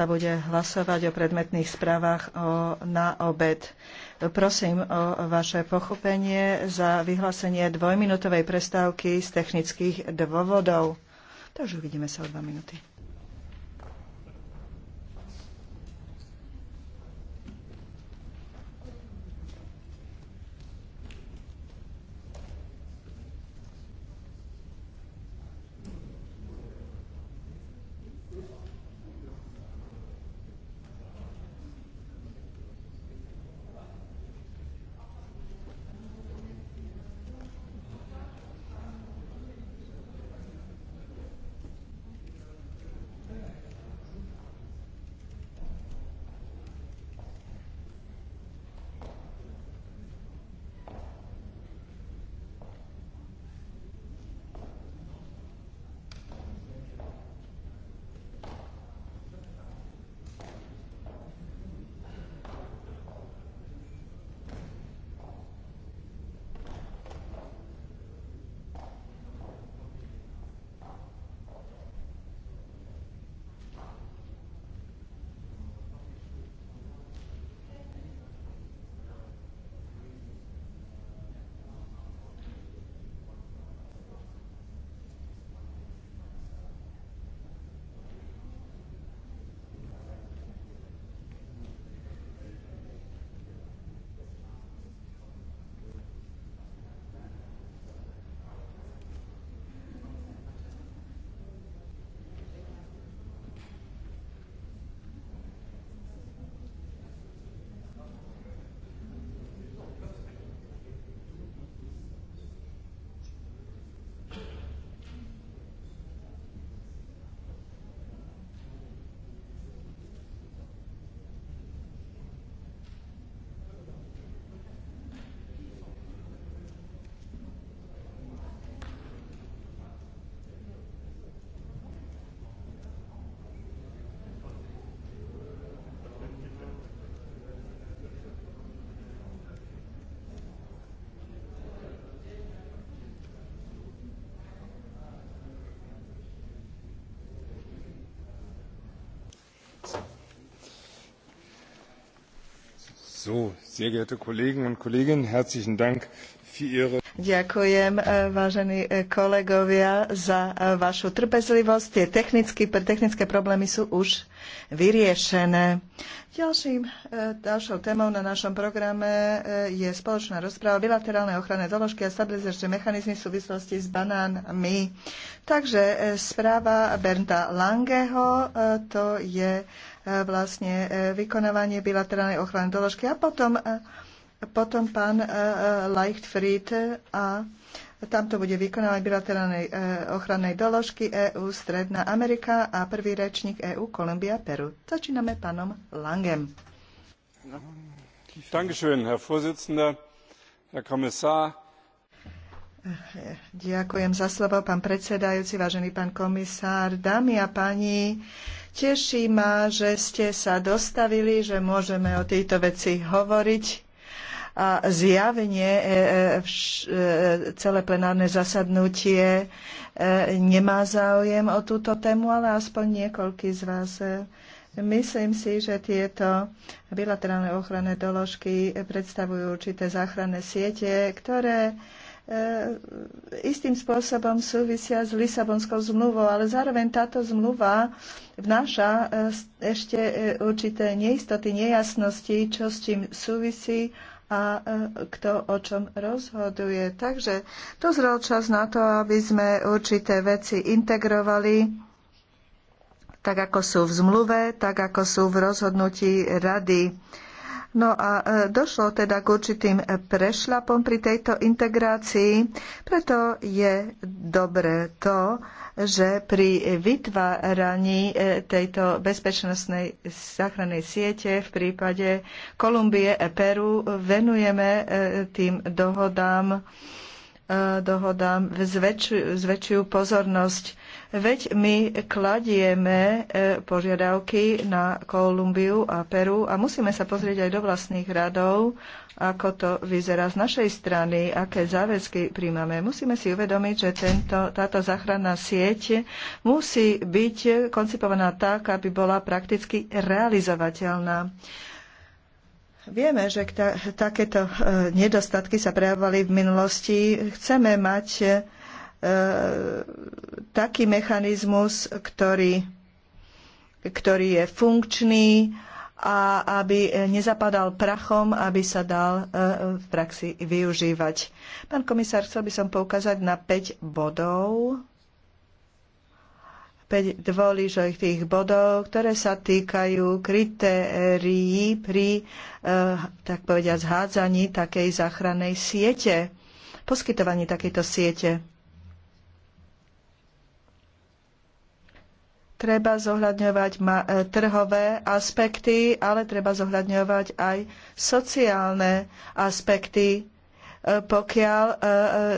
sa bude hlasovať o predmetných správach o, na obed. Prosím o vaše pochopenie za vyhlásenie dvojminútovej prestávky z technických dôvodov. Takže uvidíme sa o dva minúty. Ďakujem, eh, vážení eh, kolegovia, za eh, vašu trpezlivosť. Tie technicky, technické problémy sú už vyriešené. Ďalším, ďalšou témou na našom programe je spoločná rozpráva bilaterálnej ochranné doložky a stabilizačné mechanizmy v súvislosti s banánmi. Takže správa Bernda Langeho, to je vlastne e, vykonávanie bilaterálnej ochrany doložky. A potom, e, potom pán e, Leichtfried a tamto bude vykonávať bilaterálnej ochrannej doložky EU Stredná Amerika a prvý rečník EU Kolumbia Peru. Začíname pánom Langem. Dankeschön, Herr Vorsitzender, Herr Kommissar. Ďakujem za slovo, pán predsedajúci, vážený pán komisár, dámy a páni. Teší ma, že ste sa dostavili, že môžeme o tejto veci hovoriť a zjavne e, e, e, celé plenárne zasadnutie nemá záujem o túto tému, ale aspoň niekoľký z vás Myslím si, že tieto bilaterálne ochranné doložky predstavujú určité záchranné siete, ktoré E, istým spôsobom súvisia s Lisabonskou zmluvou, ale zároveň táto zmluva vnáša e, ešte e, určité neistoty, nejasnosti, čo s tým súvisí a kto o čom rozhoduje. Takže to zrel čas na to, aby sme určité veci integrovali tak ako sú v zmluve, tak ako sú v rozhodnutí rady No a e, došlo teda k určitým e, prešľapom pri tejto integrácii, preto je dobré to, že pri vytváraní e, tejto bezpečnostnej záchrannej siete v prípade Kolumbie a Peru venujeme tým dohodám, dohodám zväčšiu, zväčšujú pozornosť Veď my kladieme e, požiadavky na Kolumbiu a Peru a musíme sa pozrieť aj do vlastných radov, ako to vyzerá z našej strany, aké záväzky príjmame. Musíme si uvedomiť, že tento, táto záchranná sieť musí byť koncipovaná tak, aby bola prakticky realizovateľná. Vieme, že takéto e, nedostatky sa prejavovali v minulosti. Chceme mať E, taký mechanizmus, ktorý, ktorý je funkčný a aby nezapadal prachom, aby sa dal e, v praxi využívať. Pán komisár, chcel by som poukázať na 5 bodov, 5 dvoližitých bodov, ktoré sa týkajú kritérií pri, e, tak povediať, zhádzaní takej záchrannej siete, poskytovaní takejto siete Treba zohľadňovať e, trhové aspekty, ale treba zohľadňovať aj sociálne aspekty e, pokiaľ e,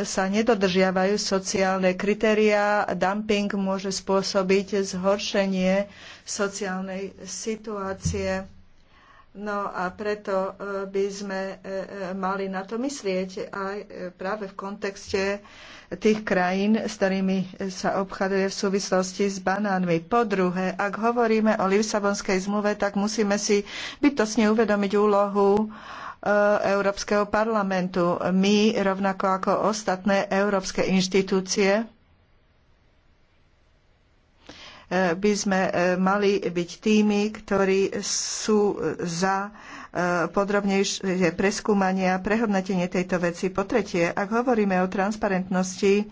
sa nedodržiavajú sociálne kritériá, dumping môže spôsobiť zhoršenie sociálnej situácie. No a preto e, by sme e, e, mali na to myslieť aj práve v kontexte tých krajín, s ktorými sa obchaduje v súvislosti s banánmi. Po druhé, ak hovoríme o Lisabonskej zmluve, tak musíme si bytosne uvedomiť úlohu Európskeho parlamentu. My, rovnako ako ostatné európske inštitúcie, by sme e, mali byť tými, ktorí sú za e, podrobnejšie preskúmanie a prehodnotenie tejto veci. Po tretie, ak hovoríme o transparentnosti, e,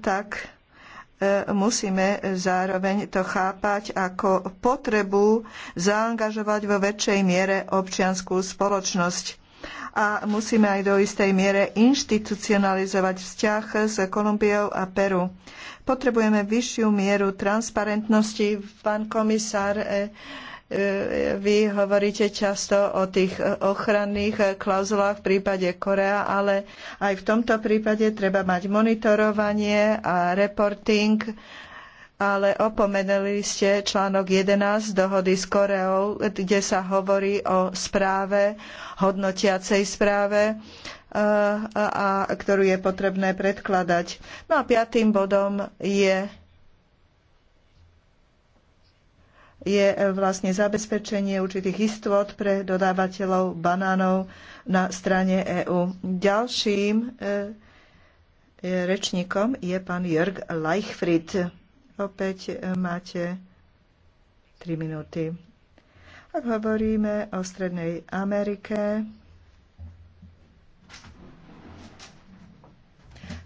tak musíme zároveň to chápať ako potrebu zaangažovať vo väčšej miere občianskú spoločnosť a musíme aj do istej miere inštitucionalizovať vzťah s Kolumbiou a Peru. Potrebujeme vyššiu mieru transparentnosti. Pán komisár, e, e, vy hovoríte často o tých ochranných klauzulách v prípade Korea, ale aj v tomto prípade treba mať monitorovanie a reporting ale opomenuli ste článok 11 dohody s Koreou, kde sa hovorí o správe, hodnotiacej správe, eh, a, a ktorú je potrebné predkladať. No a piatým bodom je je vlastne zabezpečenie určitých istôt pre dodávateľov banánov na strane EÚ. Ďalším eh, rečníkom je pán Jörg Leichfried. Opäť e, máte 3 minúty. Ak hovoríme o Strednej Amerike,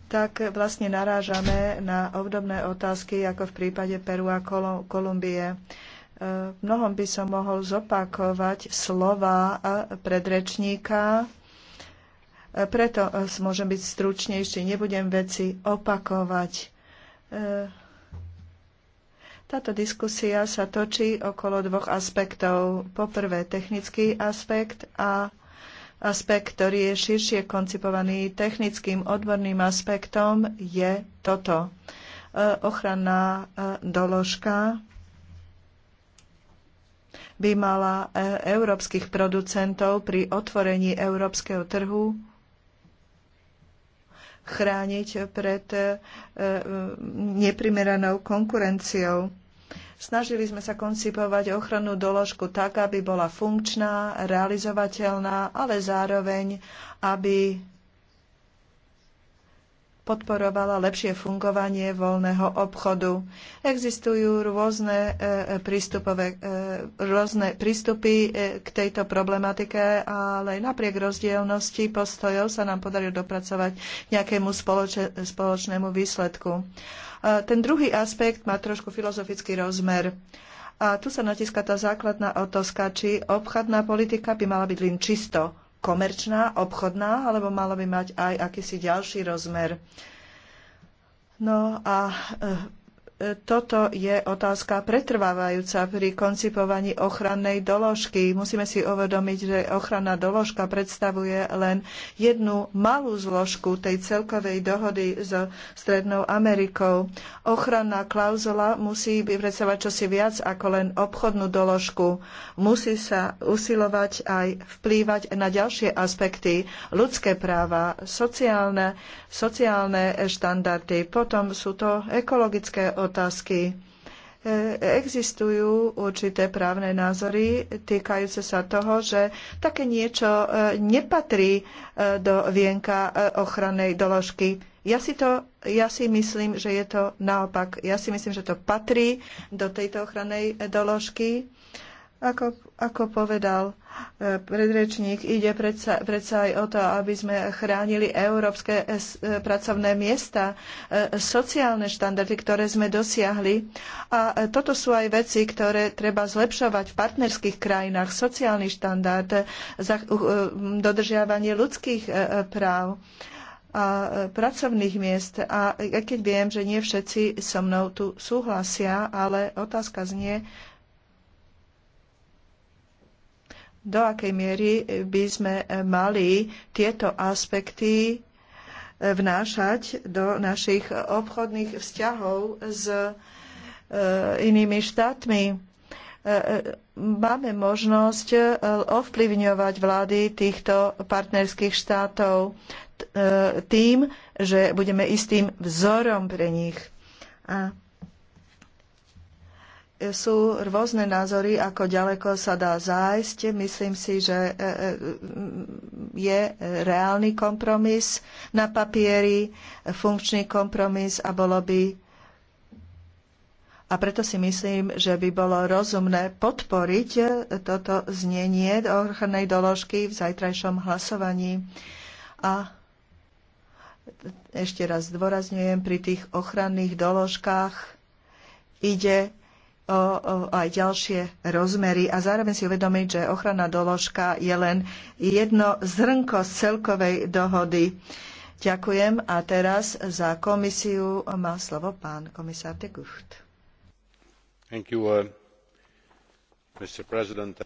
tak vlastne narážame na obdobné otázky ako v prípade Peru a Kolumbie. E, v mnohom by som mohol zopakovať slova e, predrečníka, preto môžem byť stručnejší, nebudem veci opakovať táto diskusia sa točí okolo dvoch aspektov. Poprvé technický aspekt a aspekt, ktorý je širšie koncipovaný technickým odborným aspektom, je toto. E, ochranná e, doložka by mala e, európskych producentov pri otvorení európskeho trhu chrániť pred neprimeranou konkurenciou Snažili sme sa koncipovať ochrannú doložku tak, aby bola funkčná, realizovateľná, ale zároveň, aby podporovala lepšie fungovanie voľného obchodu. Existujú rôzne, e, e, prístupové, e, rôzne prístupy k tejto problematike, ale napriek rozdielnosti postojov sa nám podarilo dopracovať nejakému spoločnému výsledku. Ten druhý aspekt má trošku filozofický rozmer. A tu sa natiska tá základná otázka, či obchodná politika by mala byť len čisto komerčná, obchodná, alebo mala by mať aj akýsi ďalší rozmer. No a e, toto je otázka pretrvávajúca pri koncipovaní ochrannej doložky. Musíme si uvedomiť, že ochranná doložka predstavuje len jednu malú zložku tej celkovej dohody so Strednou Amerikou. Ochranná klauzula musí predstavovať čosi viac ako len obchodnú doložku. Musí sa usilovať aj vplývať na ďalšie aspekty, ľudské práva, sociálne, sociálne štandardy, potom sú to ekologické otázky, otázky. E, existujú určité právne názory týkajúce sa toho, že také niečo e, nepatrí e, do vienka ochrannej doložky. Ja si, to, ja si myslím, že je to naopak. Ja si myslím, že to patrí do tejto ochrannej doložky. Ako, ako povedal e, predrečník, ide predsa, predsa aj o to, aby sme chránili európske e, e, pracovné miesta, sociálne štandardy, ktoré sme dosiahli. A toto sú aj veci, ktoré treba zlepšovať v partnerských krajinách. Sociálny štandard, dodržiavanie ľudských práv a pracovných miest. A keď viem, že nie všetci so mnou tu súhlasia, ale otázka znie, do akej miery by sme mali tieto aspekty vnášať do našich obchodných vzťahov s e, inými štátmi. E, e, máme možnosť ovplyvňovať vlády týchto partnerských štátov tým, že budeme istým vzorom pre nich. A sú rôzne názory, ako ďaleko sa dá zájsť. Myslím si, že e, e, je reálny kompromis na papieri, funkčný kompromis a bolo by. A preto si myslím, že by bolo rozumné podporiť toto znenie ochrannej doložky v zajtrajšom hlasovaní. A ešte raz zdôrazňujem, pri tých ochranných doložkách ide o, o aj ďalšie rozmery a zároveň si uvedomiť, že ochranná doložka je len jedno zrnko z celkovej dohody. Ďakujem a teraz za komisiu má slovo pán komisár de Gucht. Thank you, uh, Mr. President.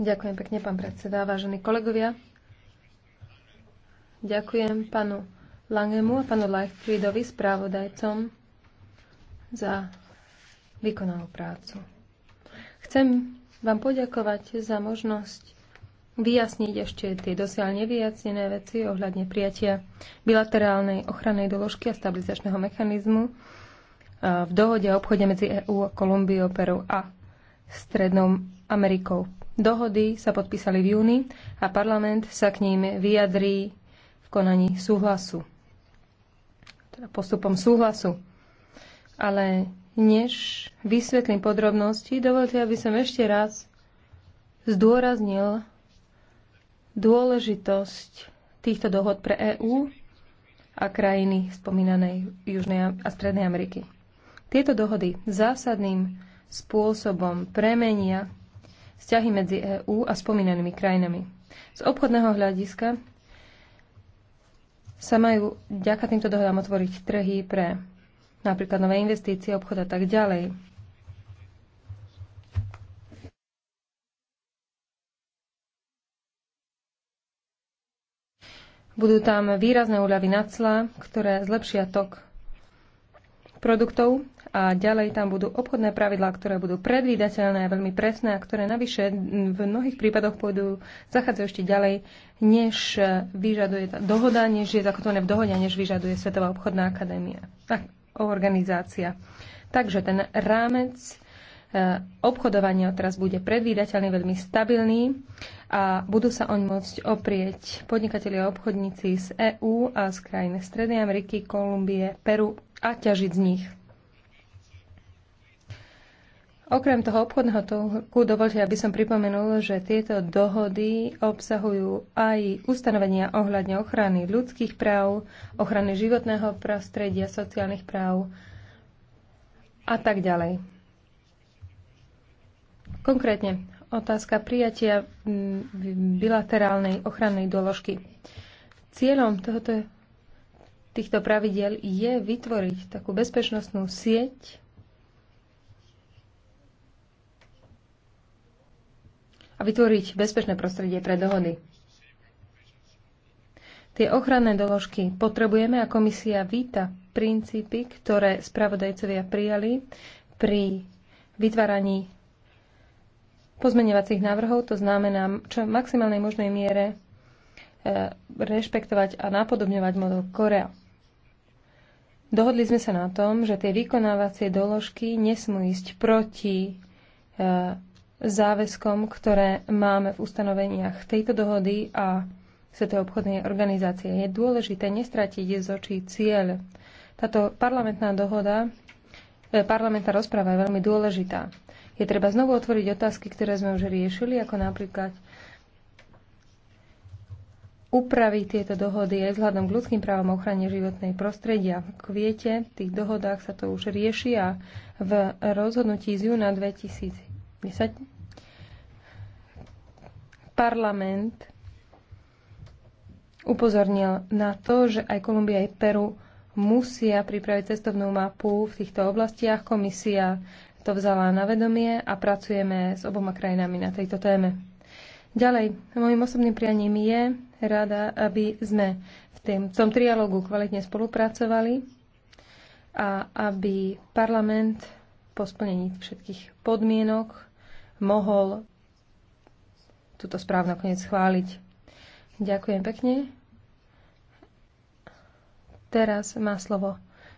Ďakujem pekne, pán predseda, vážení kolegovia. Ďakujem pánu Langemu a pánu Leichfriedovi, správodajcom, za vykonal prácu. Chcem vám poďakovať za možnosť vyjasniť ešte tie dosiaľ nevyjasnené veci ohľadne prijatia bilaterálnej ochrannej doložky a stabilizačného mechanizmu e, v dohode o obchode medzi EÚ, Kolumbiou, Peru a Strednou Amerikou. Dohody sa podpísali v júni a parlament sa k ním vyjadrí v konaní súhlasu, teda postupom súhlasu. Ale než vysvetlím podrobnosti, dovolte, aby som ešte raz zdôraznil dôležitosť týchto dohod pre EÚ a krajiny spomínanej Južnej a Strednej Ameriky. Tieto dohody zásadným spôsobom premenia vzťahy medzi EÚ a spomínanými krajinami. Z obchodného hľadiska sa majú ďaká týmto dohodám otvoriť trhy pre napríklad nové investície, obchod a tak ďalej. Budú tam výrazné úľavy na cla, ktoré zlepšia tok produktov a ďalej tam budú obchodné pravidlá, ktoré budú predvídateľné a veľmi presné a ktoré navyše v mnohých prípadoch pôjdu zachádzajú ešte ďalej, než vyžaduje tá dohoda, než je zakotvené v dohode, než vyžaduje Svetová obchodná akadémia. Tak, organizácia. Takže ten rámec eh, obchodovania teraz bude predvídateľný, veľmi stabilný a budú sa oň môcť oprieť podnikatelia a obchodníci z EÚ a z krajiny Strednej Ameriky, Kolumbie, Peru a ťažiť z nich. Okrem toho obchodného toku dovolte, aby som pripomenul, že tieto dohody obsahujú aj ustanovenia ohľadne ochrany ľudských práv, ochrany životného prostredia, sociálnych práv a tak ďalej. Konkrétne otázka prijatia mm, bilaterálnej ochrannej doložky. Cieľom tohoto, týchto pravidel je vytvoriť takú bezpečnostnú sieť a vytvoriť bezpečné prostredie pre dohody. Tie ochranné doložky potrebujeme a komisia víta princípy, ktoré spravodajcovia prijali pri vytváraní pozmeňovacích návrhov, to znamená čo v maximálnej možnej miere e, rešpektovať a napodobňovať model Korea. Dohodli sme sa na tom, že tie vykonávacie doložky nesmú ísť proti e, záväzkom, ktoré máme v ustanoveniach tejto dohody a Svetovej obchodnej organizácie. Je dôležité nestratiť z očí cieľ. Táto parlamentná dohoda, e, parlamentná rozpráva je veľmi dôležitá. Je treba znovu otvoriť otázky, ktoré sme už riešili, ako napríklad upraviť tieto dohody aj vzhľadom k ľudským právom a ochrane životnej prostredia. K viete, v tých dohodách sa to už riešia v rozhodnutí z júna 2000. 10. Parlament upozornil na to, že aj Kolumbia aj Peru musia pripraviť cestovnú mapu v týchto oblastiach. Komisia to vzala na vedomie a pracujeme s oboma krajinami na tejto téme. Ďalej, môjim osobným prianím je rada, aby sme v, tým, v tom trialógu kvalitne spolupracovali a aby parlament po splnení všetkých podmienok mohol túto správu nakoniec schváliť. Ďakujem pekne. Teraz má slovo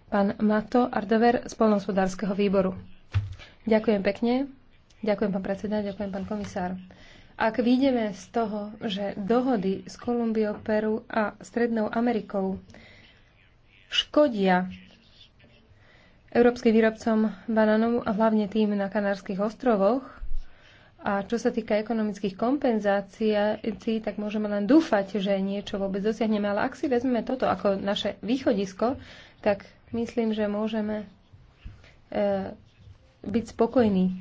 pán Mato Ardover z Polnohospodárskeho výboru. Ďakujem pekne. Ďakujem, pán predseda, ďakujem, pán komisár. Ak vidíme z toho, že dohody s Kolumbiou, Peru a Strednou Amerikou škodia európskym výrobcom banánov a hlavne tým na Kanárskych ostrovoch, a čo sa týka ekonomických kompenzácií, tak môžeme len dúfať, že niečo vôbec dosiahneme. Ale ak si vezmeme toto ako naše východisko, tak myslím, že môžeme e, byť spokojní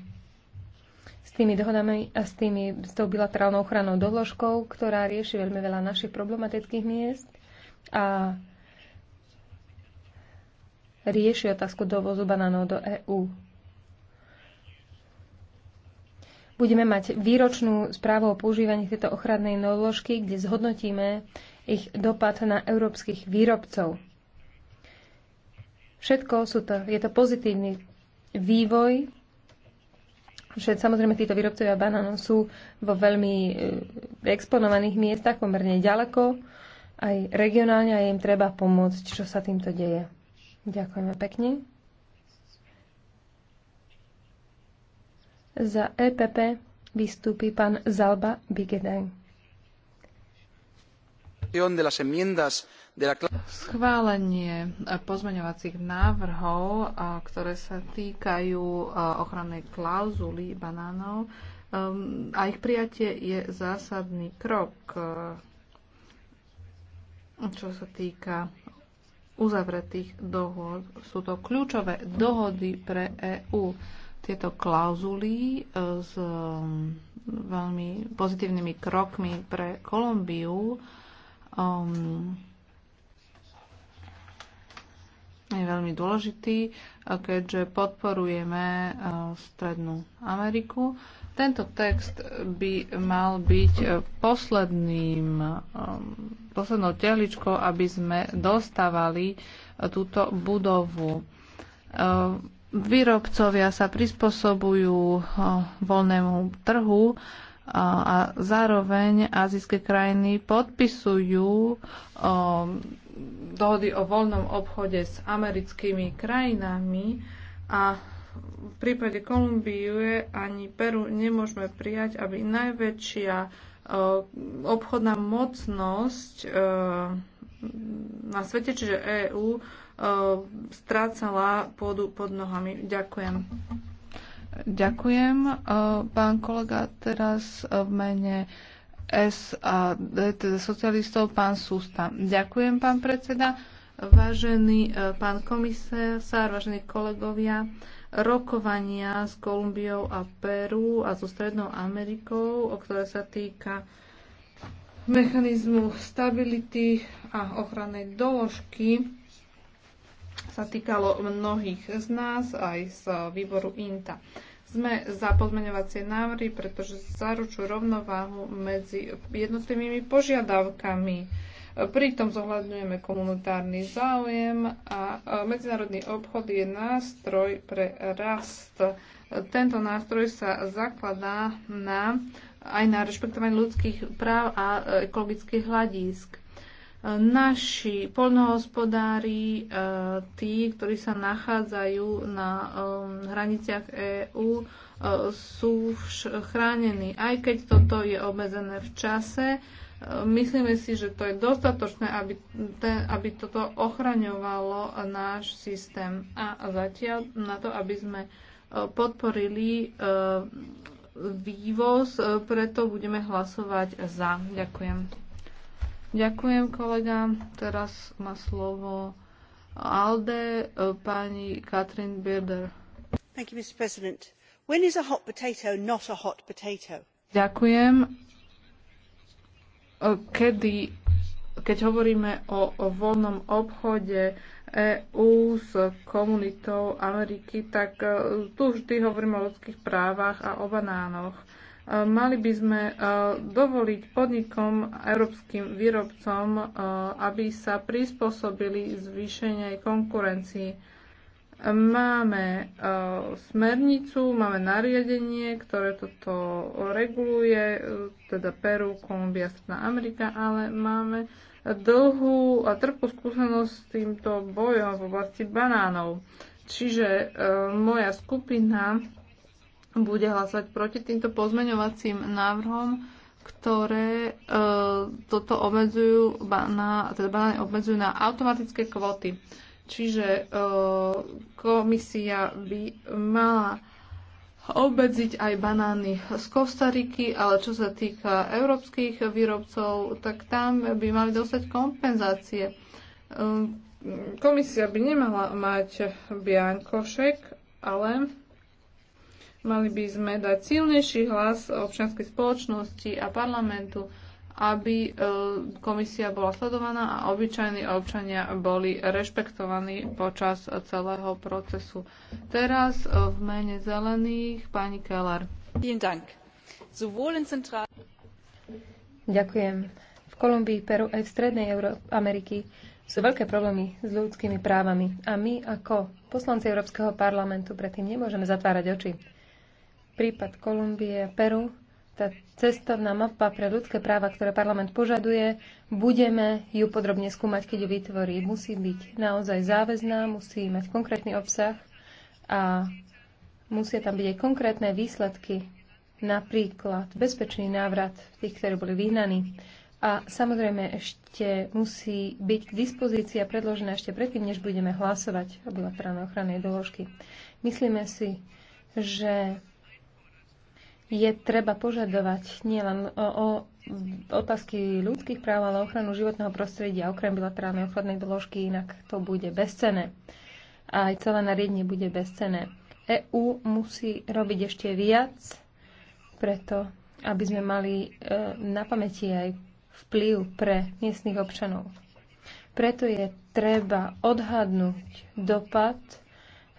s tými dohodami a s, tými, s tou bilaterálnou ochranou doložkou, ktorá rieši veľmi veľa našich problematických miest a rieši otázku dovozu banánov do EÚ. Budeme mať výročnú správu o používaní tejto ochrannej noložky, kde zhodnotíme ich dopad na európskych výrobcov. Všetko sú to, je to pozitívny vývoj, že samozrejme títo výrobcovia banánov sú vo veľmi e, exponovaných miestach, pomerne ďaleko, aj regionálne a im treba pomôcť, čo sa týmto deje. Ďakujeme pekne. Za EPP vystúpi pán Zalba Bigedaj. Schválenie eh, pozmeňovacích návrhov, eh, ktoré sa týkajú eh, ochrannej klauzuly banánov a ich prijatie je zásadný krok, čo sa týka uzavretých dohod. Sú to kľúčové dohody pre EÚ tieto klauzuly e, s e, veľmi pozitívnymi krokmi pre Kolumbiu um, je veľmi dôležitý, e, keďže podporujeme Strednú Ameriku. Tento text by mal byť posledným, um, poslednou tehličkou, aby sme dostávali túto budovu. Um, výrobcovia sa prispôsobujú eh, voľnému trhu a zároveň azijské krajiny podpisujú eh, dohody o voľnom obchode s americkými krajinami a v prípade Kolumbie ani Peru nemôžeme prijať, aby najväčšia eh, obchodná mocnosť na svete, čiže EÚ, Eh, strácala pôdu pod nohami. Ďakujem. Ďakujem. Eh, pán kolega, teraz v mene SAD, teda socialistov, pán Sústa. Ďakujem, pán predseda. Vážený eh, pán komisár, vážení kolegovia, rokovania s Kolumbiou a Peru a so Strednou Amerikou, o ktoré sa týka mechanizmu stability a ochrannej doložky, sa týkalo mnohých z nás, aj z výboru INTA. Sme za pozmeňovacie návrhy, pretože zaručujú rovnováhu medzi jednotlivými požiadavkami. Pritom zohľadňujeme komunitárny záujem a medzinárodný obchod je nástroj pre rast. Tento nástroj sa zakladá na, aj na rešpektovanie ľudských práv a ekologických hľadísk naši poľnohospodári, e, tí, ktorí sa nachádzajú na e, hraniciach EÚ, e, sú chránení. Aj keď toto je obmedzené v čase, myslíme si, že to je dostatočné, aby, te, aby toto ochraňovalo náš systém. A zatiaľ na to, aby sme podporili vývoz, preto budeme hlasovať za. Ďakujem. Ďakujem kolegám. Teraz má slovo ALDE e, pani Katrin Birder. Thank you, Mr. President. When is a hot potato not a hot potato? Ďakujem. E, kedy, keď hovoríme o, o voľnom obchode EÚ s komunitou Ameriky, tak e, tu vždy hovoríme o ľudských právach a o banánoch. E, mali by sme e, dovoliť podnikom, európskym výrobcom, e, aby sa prispôsobili zvýšenej konkurencii. Máme smernicu, máme nariadenie, ktoré toto reguluje, teda Peru, Kolumbia, Stredná Amerika, ale máme dlhú a trpú skúsenosť s týmto bojom v oblasti banánov. Čiže e, moja skupina bude hlasovať proti týmto pozmeňovacím návrhom, ktoré e, toto obmedzujú na, teda obmedzujú na automatické kvóty. Čiže e, komisia by mala obmedziť aj banány z Kostariky, ale čo sa týka európskych výrobcov, tak tam by mali dostať kompenzácie. E, komisia by nemala mať biankošek, ale Mali by sme dať silnejší hlas občianskej spoločnosti a parlamentu, aby e, komisia bola sledovaná a obyčajní občania boli rešpektovaní počas celého procesu. Teraz e, v mene zelených pani Keller. Ďakujem. V Kolumbii, Peru aj v Strednej Euró- Ameriky sú veľké problémy s ľudskými právami a my ako poslanci Európskeho parlamentu predtým nemôžeme zatvárať oči prípad Kolumbie a Peru, tá cestovná mapa pre ľudské práva, ktoré parlament požaduje, budeme ju podrobne skúmať, keď ju vytvorí. Musí byť naozaj záväzná, musí mať konkrétny obsah a musia tam byť aj konkrétne výsledky, napríklad bezpečný návrat tých, ktorí boli vyhnaní. A samozrejme ešte musí byť k dispozícii a predložená ešte predtým, než budeme hlasovať o bilaterálnej ochrannej doložky. Myslíme si, že je treba požadovať nielen o otázky ľudských práv, ale ochranu životného prostredia, okrem bilaterálnej ochrannej doložky, inak to bude bezcené. A aj celé nariadenie bude bezcené. EÚ musí robiť ešte viac, preto aby sme mali e, na pamäti aj vplyv pre miestnych občanov. Preto je treba odhadnúť dopad,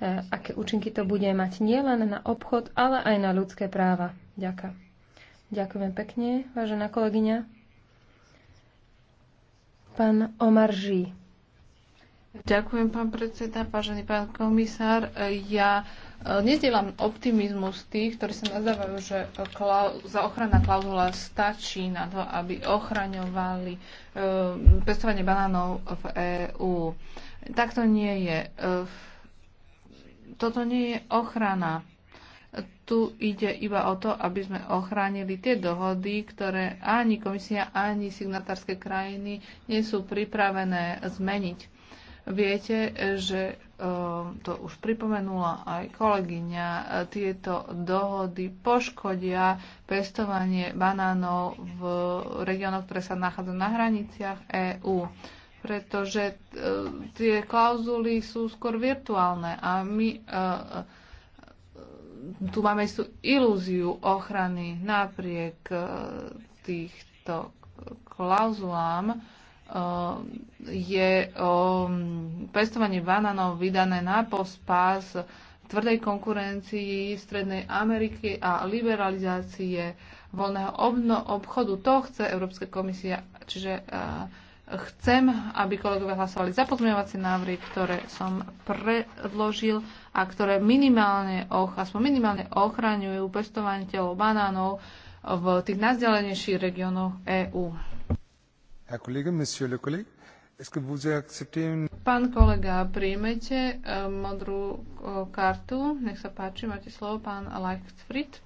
e, aké účinky to bude mať nielen na obchod, ale aj na ľudské práva. Ďaká. Ďakujem pekne, vážená kolegyňa. Pán Omar Ží. Ďakujem, pán predseda, vážený pán komisár. Ja e, Nedelám optimizmus tých, ktorí sa nazdávajú, že za ochranná klauzula stačí na to, aby ochraňovali e, pestovanie banánov v EÚ. Tak to nie je. E, toto nie je ochrana tu ide iba o to, aby sme ochránili tie dohody, ktoré ani komisia, ani signatárske krajiny nie sú pripravené zmeniť. Viete, že e, to už pripomenula aj kolegyňa, tieto dohody poškodia pestovanie banánov v regiónoch, ktoré sa nachádzajú na hraniciach EÚ pretože e, tie klauzuly sú skôr virtuálne a my uh, tu máme istú ilúziu ochrany napriek e, týchto klauzulám e, je pestovanie bananov vydané na pospas tvrdej konkurencii Strednej Ameriky a liberalizácie voľného obchodu. To chce Európska komisia, čiže e, Chcem, aby kolegovia hlasovali za pozmeňovacie návrhy, ktoré som predložil a ktoré minimálne, och, aspoň minimálne ochraňujú pestovaniteľov banánov v tých najzdelenejších regiónoch EÚ. Pán kolega, príjmete eh, modrú eh, kartu. Nech sa páči, máte slovo, pán Leichtfried.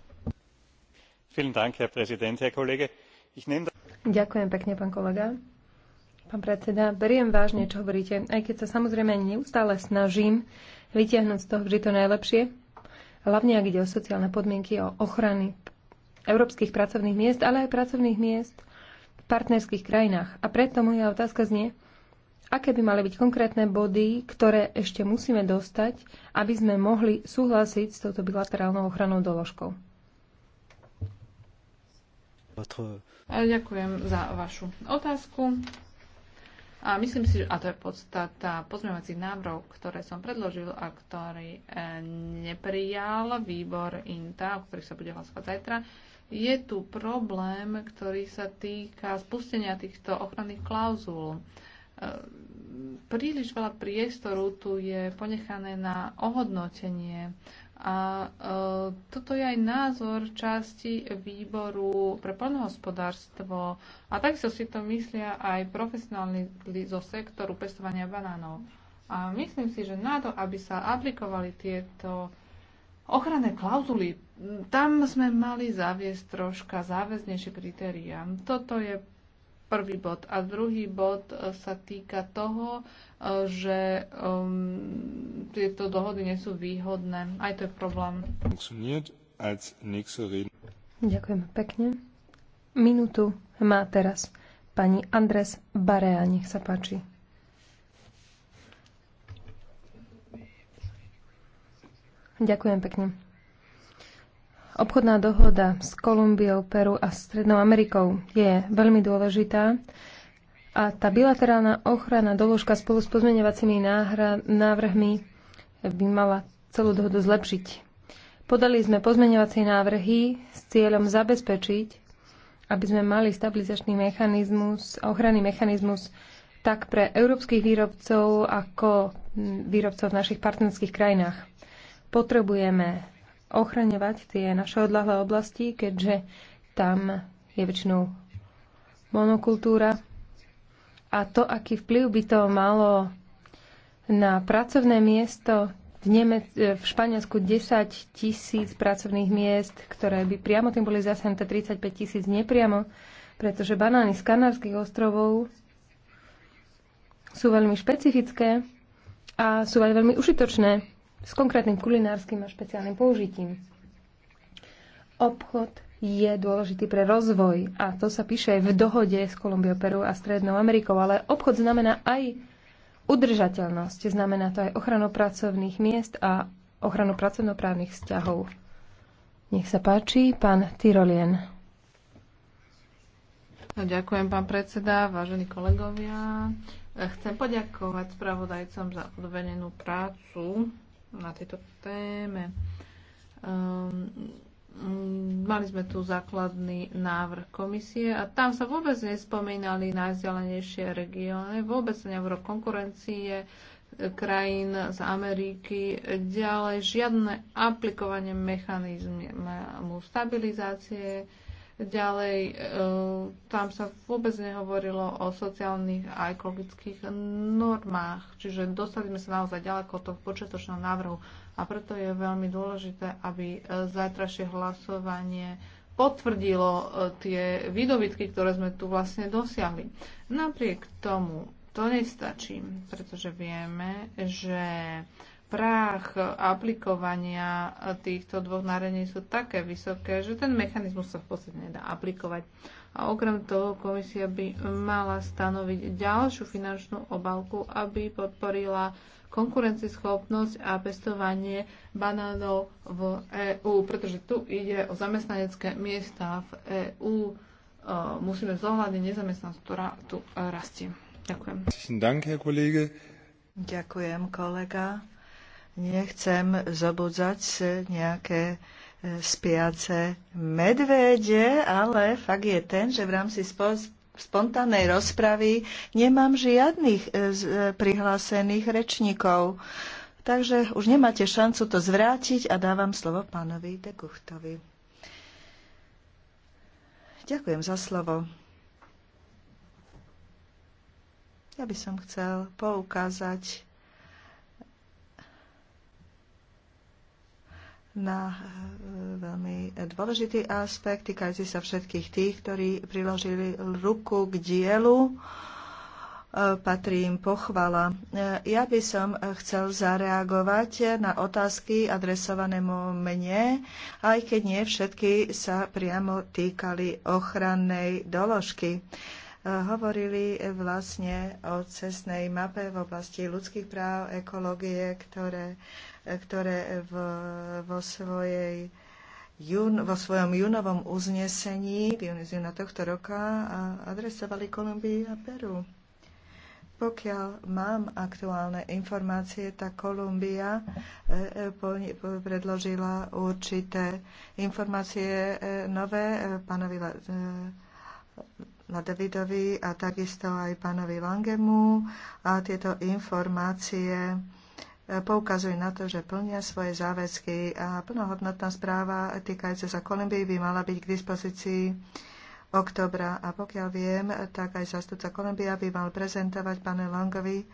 Ďakujem pekne, pán kolega. Pán predseda, beriem vážne, čo hovoríte, aj keď sa samozrejme neustále snažím vytiahnuť z toho vždy to najlepšie, hlavne ak ide o sociálne podmienky, o ochrany európskych pracovných miest, ale aj pracovných miest v partnerských krajinách. A preto moja otázka znie, aké by mali byť konkrétne body, ktoré ešte musíme dostať, aby sme mohli súhlasiť s touto bilaterálnou ochranou doložkou. Ďakujem za vašu otázku. A myslím si, že, a to je podstata pozmeňovacích návrhov, ktoré som predložil a ktorý e, neprijal výbor INTA, o ktorých sa bude hlasovať zajtra, je tu problém, ktorý sa týka spustenia týchto ochranných klauzul. E, príliš veľa priestoru tu je ponechané na ohodnotenie a e, toto je aj názor časti výboru pre poľnohospodárstvo. A takisto si to myslia aj profesionálni zo sektoru pestovania banánov. A myslím si, že na to, aby sa aplikovali tieto ochranné klauzuly, tam sme mali zaviesť troška záväznejšie kritériá. Toto je prvý bod. A druhý bod e, sa týka toho, e, že um, tieto dohody nie sú výhodné. Aj to je problém. Ďakujem pekne. Minútu má teraz pani Andres Barea. Nech sa páči. Ďakujem pekne. Obchodná dohoda s Kolumbiou, Peru a Strednou Amerikou je veľmi dôležitá a tá bilaterálna ochrana doložka spolu s pozmeňovacími návrhmi by mala celú dohodu zlepšiť. Podali sme pozmeňovacie návrhy s cieľom zabezpečiť, aby sme mali stabilizačný mechanizmus, ochranný mechanizmus tak pre európskych výrobcov, ako výrobcov v našich partnerských krajinách. Potrebujeme ochraňovať tie naše odlahlé oblasti, keďže tam je väčšinou monokultúra. A to, aký vplyv by to malo na pracovné miesto v, Nemec- e, v Španielsku 10 tisíc pracovných miest, ktoré by priamo tým boli zasiahnuté 35 tisíc nepriamo, pretože banány z Kanárskych ostrovov sú veľmi špecifické a sú aj veľmi užitočné s konkrétnym kulinárskym a špeciálnym použitím. Obchod je dôležitý pre rozvoj a to sa píše aj v dohode s Kolumbiou, Peru a Strednou Amerikou, ale obchod znamená aj udržateľnosť, znamená to aj ochranu pracovných miest a ochranu pracovnoprávnych vzťahov. Nech sa páči, pán Tyrolien. No, ďakujem, pán predseda, vážení kolegovia. Chcem poďakovať spravodajcom za odvenenú prácu na tejto téme. Um, mali sme tu základný návrh komisie a tam sa vôbec nespomínali najzdelenejšie regióny, vôbec sa nehovorilo konkurencie e, krajín z Ameriky, ďalej žiadne aplikovanie mechanizmu stabilizácie, Ďalej, e, tam sa vôbec nehovorilo o sociálnych a ekologických normách, čiže dostali sme sa naozaj ďaleko od toho počiatočného návrhu a preto je veľmi dôležité, aby e, zajtrašie hlasovanie potvrdilo e, tie výdobytky, ktoré sme tu vlastne dosiahli. Napriek tomu to nestačí, pretože vieme, že práh aplikovania týchto dvoch nariadení sú také vysoké, že ten mechanizmus sa v podstate nedá aplikovať. A okrem toho komisia by mala stanoviť ďalšiu finančnú obalku, aby podporila konkurencieschopnosť a pestovanie banánov v EÚ, pretože tu ide o zamestnanecké miesta v EÚ. E, musíme zohľadniť nezamestnanosť, ktorá tu e, rastie. Ďakujem. Ďakujem, kolega. Nechcem zobudzať nejaké e, spiace medvede, ale fakt je ten, že v rámci spontánnej rozpravy nemám žiadnych e, e, prihlásených rečníkov. Takže už nemáte šancu to zvrátiť a dávam slovo pánovi Dekuchtovi. Ďakujem za slovo. Ja by som chcel poukázať na e, veľmi dôležitý aspekt týkajúci sa všetkých tých, ktorí priložili ruku k dielu. E, patrí im pochvala. E, ja by som chcel zareagovať na otázky adresovanému mne, aj keď nie všetky sa priamo týkali ochrannej doložky hovorili vlastne o cestnej mape v oblasti ľudských práv, ekológie, ktoré ktoré v, vo svojej jun, vo svojom júnovom uznesení z júna tohto roka adresovali Kolumbii a Peru. Pokiaľ mám aktuálne informácie, tak Kolumbia e, e, predložila určité informácie e, nové pánovi Ladavidovi a takisto aj pánovi Langemu a tieto informácie poukazuje na to, že plnia svoje záväzky a plnohodnotná správa týkajúca sa Kolumbii by mala byť k dispozícii oktobra. A pokiaľ viem, tak aj zastupca Kolumbia by mal prezentovať pane Longovi e,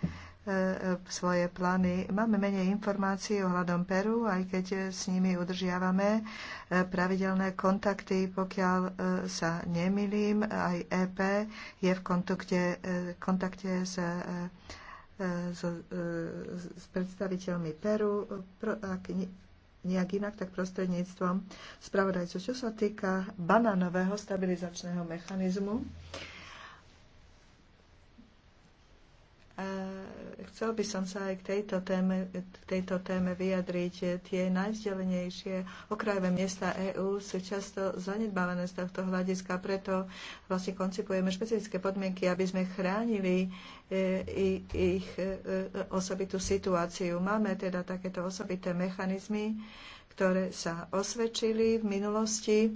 svoje plány. Máme menej informácií o hľadom Peru, aj keď s nimi udržiavame e, pravidelné kontakty. Pokiaľ e, sa nemilím, aj EP je v kontakte, kontakte s E, so, e, s predstaviteľmi Peru, ak nejak inak, tak prostredníctvom spravodajcu. Čo sa týka banánového stabilizačného mechanizmu, Chcel by som sa aj k tejto téme, k tejto téme vyjadriť. Tie najvzdelenejšie okrajové miesta EÚ sú často zanedbávané z tohto hľadiska, preto vlastne koncipujeme špecifické podmienky, aby sme chránili e, ich e, osobitú situáciu. Máme teda takéto osobité mechanizmy, ktoré sa osvedčili v minulosti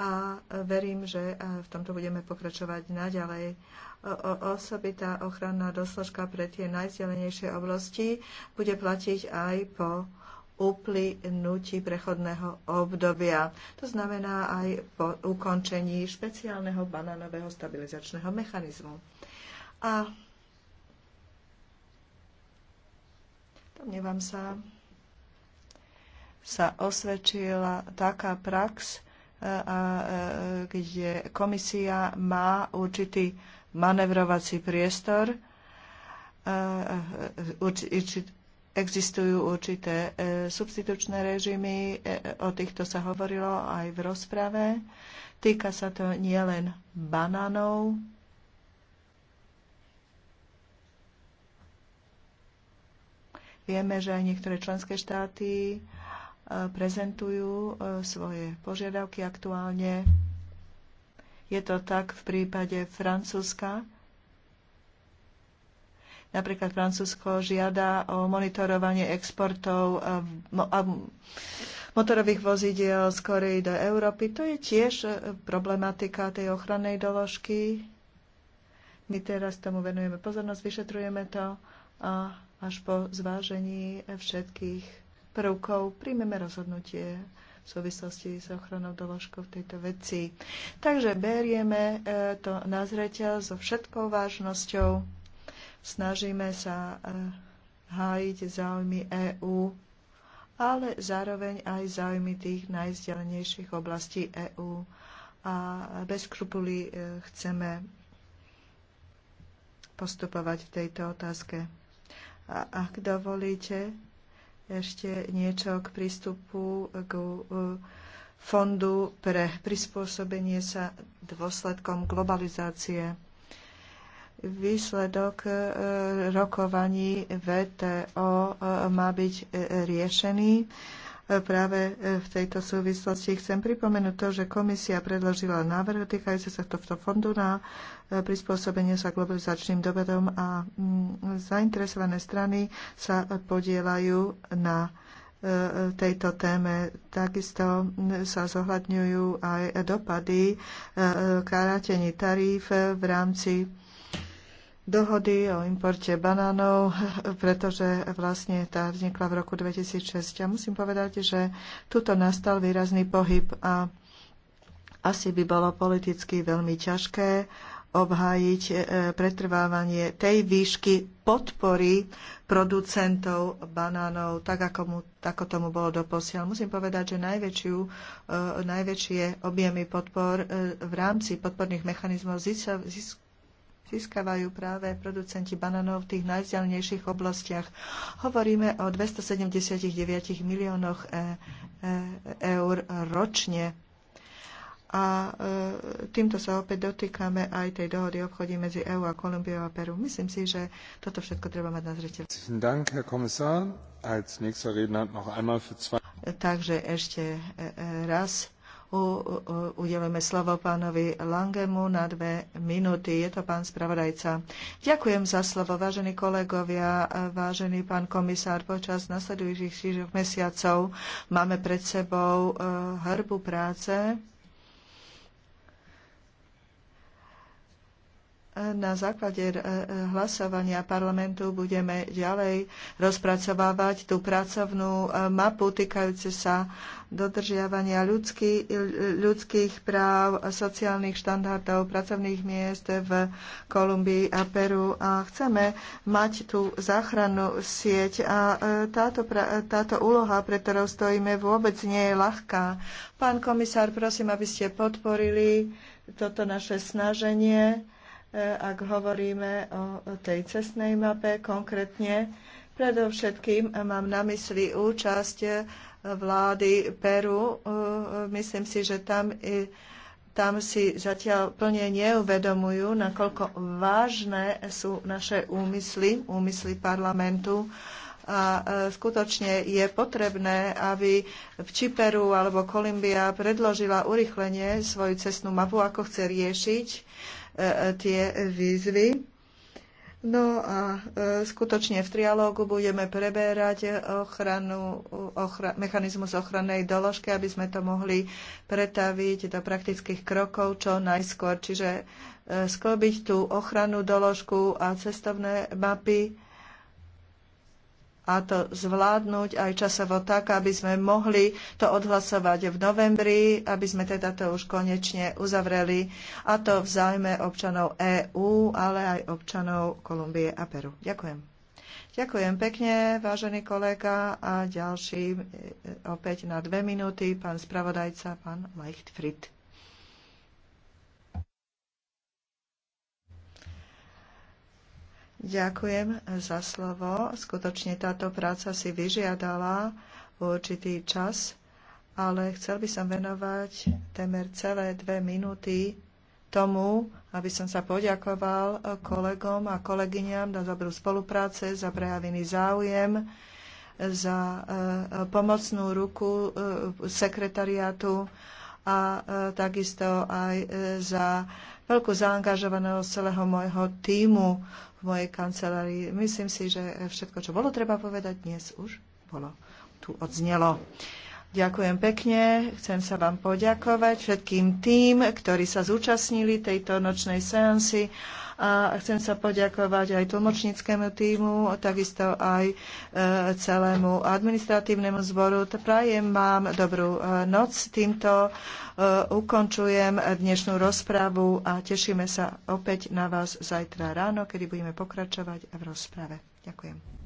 a verím, že e, v tomto budeme pokračovať naďalej osobitá ochranná dosložka pre tie najzdelenejšie oblasti bude platiť aj po uplynutí prechodného obdobia. To znamená aj po ukončení špeciálneho banánového stabilizačného mechanizmu. A domnievam sa, sa osvedčila taká prax, e, e, kde komisia má určitý manevrovací priestor. E, e, existujú určité e, substitučné režimy, o týchto sa hovorilo aj v rozprave. Týka sa to nielen banánov, Vieme, že aj niektoré členské štáty prezentujú svoje požiadavky aktuálne je to tak v prípade Francúzska. Napríklad Francúzsko žiada o monitorovanie exportov eh, motorových vozidiel z Korei do Európy. To je tiež eh, problematika tej ochrannej doložky. My teraz tomu venujeme pozornosť, vyšetrujeme to a až po zvážení všetkých prvkov príjmeme rozhodnutie v súvislosti s ochranou doložkov v tejto veci. Takže berieme e, to na zreteľ so všetkou vážnosťou. Snažíme sa e, hájiť záujmy EÚ, ale zároveň aj záujmy tých najzdelenejších oblastí EÚ. A bez skrupulí e, chceme postupovať v tejto otázke. A ak dovolíte, ešte niečo k prístupu k e, fondu pre prispôsobenie sa dôsledkom globalizácie. Výsledok e, rokovaní VTO e, má byť riešený práve e, v tejto súvislosti chcem pripomenúť to, že komisia predložila návrh týkajúce sa tohto fondu na e, prispôsobenie sa globalizačným dopadom a mm, zainteresované strany sa podielajú na e, tejto téme. Takisto mm, sa zohľadňujú aj dopady karátení taríf v rámci dohody o importe banánov, pretože vlastne tá vznikla v roku 2006. A musím povedať, že tuto nastal výrazný pohyb a asi by bolo politicky veľmi ťažké obhájiť e, pretrvávanie tej výšky podpory producentov banánov, tak ako, mu, ako tomu bolo doposiaľ. Musím povedať, že najväčšiu, e, najväčšie objemy podpor e, v rámci podporných mechanizmov získali získavajú práve producenti bananov v tých najvzdialnejších oblastiach. Hovoríme o 279 miliónoch e, e, eur ročne. A e, týmto sa opäť dotýkame aj tej dohody obchodí medzi EÚ a Kolumbiou a Peru. Myslím si, že toto všetko treba mať na zreteli. Takže ešte raz udelujeme slovo pánovi Langemu na dve minúty. Je to pán spravodajca. Ďakujem za slovo, vážení kolegovia, vážený pán komisár. Počas nasledujúcich 4 mesiacov máme pred sebou eh, hrbu práce na základe e, e, hlasovania parlamentu budeme ďalej rozpracovávať tú pracovnú e, mapu týkajúce sa dodržiavania ľudský, ľudských práv, sociálnych štandardov, pracovných miest v Kolumbii a Peru. A chceme mať tú záchrannú sieť a táto, táto úloha, pre ktorou stojíme, vôbec nie je ľahká. Pán komisár, prosím, aby ste podporili toto naše snaženie ak hovoríme o tej cestnej mape konkrétne. Predovšetkým mám na mysli účasť vlády Peru. E, myslím si, že tam, e, tam si zatiaľ plne neuvedomujú, nakoľko vážne sú naše úmysly, úmysly parlamentu a e, skutočne je potrebné, aby či Peru alebo Kolumbia predložila urychlenie svoju cestnú mapu, ako chce riešiť E, e, tie výzvy. No a e, skutočne v trialógu budeme preberať ochranu, ochra, mechanizmus ochrannej doložky, aby sme to mohli pretaviť do praktických krokov čo najskôr. Čiže sklobiť tú ochranu doložku a cestovné mapy a to zvládnuť aj časovo tak, aby sme mohli to odhlasovať v novembri, aby sme teda to už konečne uzavreli a to v zájme občanov EÚ, ale aj občanov Kolumbie a Peru. Ďakujem. Ďakujem pekne, vážený kolega. A ďalší e, opäť na dve minúty, pán spravodajca, pán Leichtfried. Ďakujem za slovo. Skutočne táto práca si vyžiadala určitý čas, ale chcel by som venovať temer celé dve minúty tomu, aby som sa poďakoval kolegom a kolegyňam za dobrú spolupráce, za prejavený záujem, za eh, pomocnú ruku eh, sekretariátu a eh, takisto aj za veľkú zaangažovanosť celého môjho týmu v mojej kancelárii. Myslím si, že všetko, čo bolo treba povedať, dnes už bolo tu odznelo. Ďakujem pekne. Chcem sa vám poďakovať všetkým tým, ktorí sa zúčastnili tejto nočnej seansy a chcem sa poďakovať aj tlmočníckému týmu, takisto aj e, celému administratívnemu zboru. Prajem vám dobrú e, noc. Týmto e, ukončujem dnešnú rozpravu a tešíme sa opäť na vás zajtra ráno, kedy budeme pokračovať v rozprave. Ďakujem.